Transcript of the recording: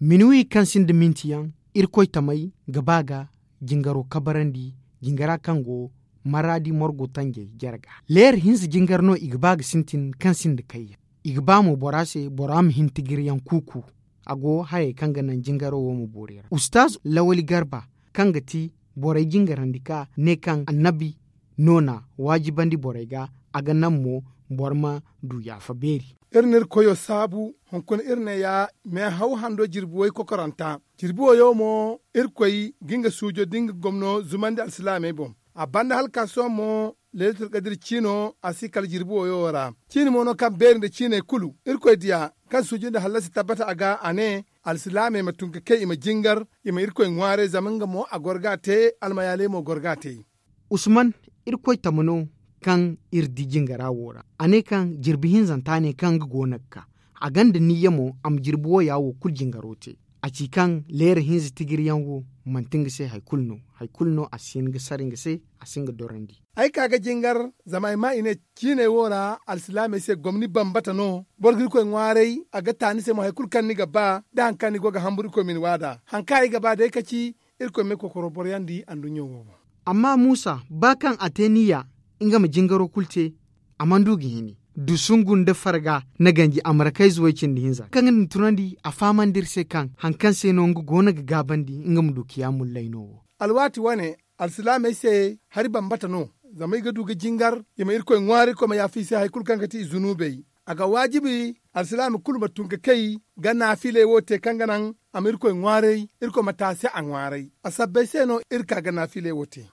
minui kan mintiyan irkoy gaba gabaga jingaro kabarandi jingara kango maradi morgo tange jarga ler hins jingarno igbaga sintin kan sinde kayya igbamu borase boram hintigiryan kuku ago haye kanga nan jingaro mu borira ustaz lawali garba kangati gati boray ne kan annabi nona wajibandi borayga aga nammo borma du yafa beeri erner koyo saabu honkon erne ya me haw hando jirbuwoy kokoranta yo mo er koy ginga suujo dinga gomno zumande alsilame bom a banda halka so mo leylatul kadir cino asi kala jirbuwoyo wora cini mono kam berinde cine kulu er koy diya kan sujunde hallasi tabbata aga ane alsilame ma tunka ke ima jingar ima irkoy ŋware zamanga mo a gorga te almayale mo gorga te usman irkoi tamano kan irdigin gara wora ane kan jirbihin ne kan gonakka a ganda yamo am jirbuwa yawo kuljin garote a cikan lera hinzi tigir yango mantin gise haikulno haikulno a sin gisarin gise a sin dorandi ai kaga jingar zama ima ine kine wora alsilame se gomni bambata no borgir ko ngwarei aga tani se mo haikul kan ni gaba da hankali goga hamburi ko min wada hankai gaba da kaci irko me ko korobor yandi amma musa bakan ateniya inga mi jingaro kulte a gihini du sungun da farga na ganji marakai zuwa kin da hinza kan ni di a faman dirse kan hankan sai no ngu gona ga gabandi inga mu dukiya mun laino alwati wane alsilame sai har bata no zama iga duga jingar yama irko ngwari ko ma yafi sai hay kulkan kati a aga wajibi alsilame kulma tunka kai ga nafile wote a ma irko ngwari irko matase a ngwari asabbe sai no irka ga wote